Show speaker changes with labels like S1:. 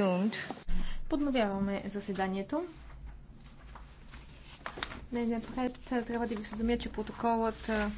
S1: resumed. Подновяваме заседанието. Не, напред трябва да ви осведомя, че протоколът